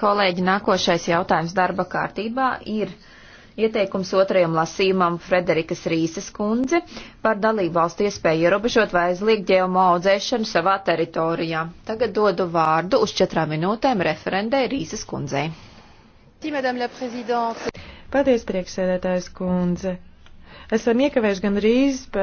Kolēģi, nākošais jautājums darba kārtībā ir ieteikums otrajam lasījumam Frederikas Rīses kundze par dalību valstu iespēju ierobežot vai aizliegt ģeomo audzēšanu savā teritorijā. Tagad dodu vārdu uz četrām minūtēm referendē Rīses kundzei. Paldies, prieksēdētājs kundze. Esam iekavējuši gan rīz.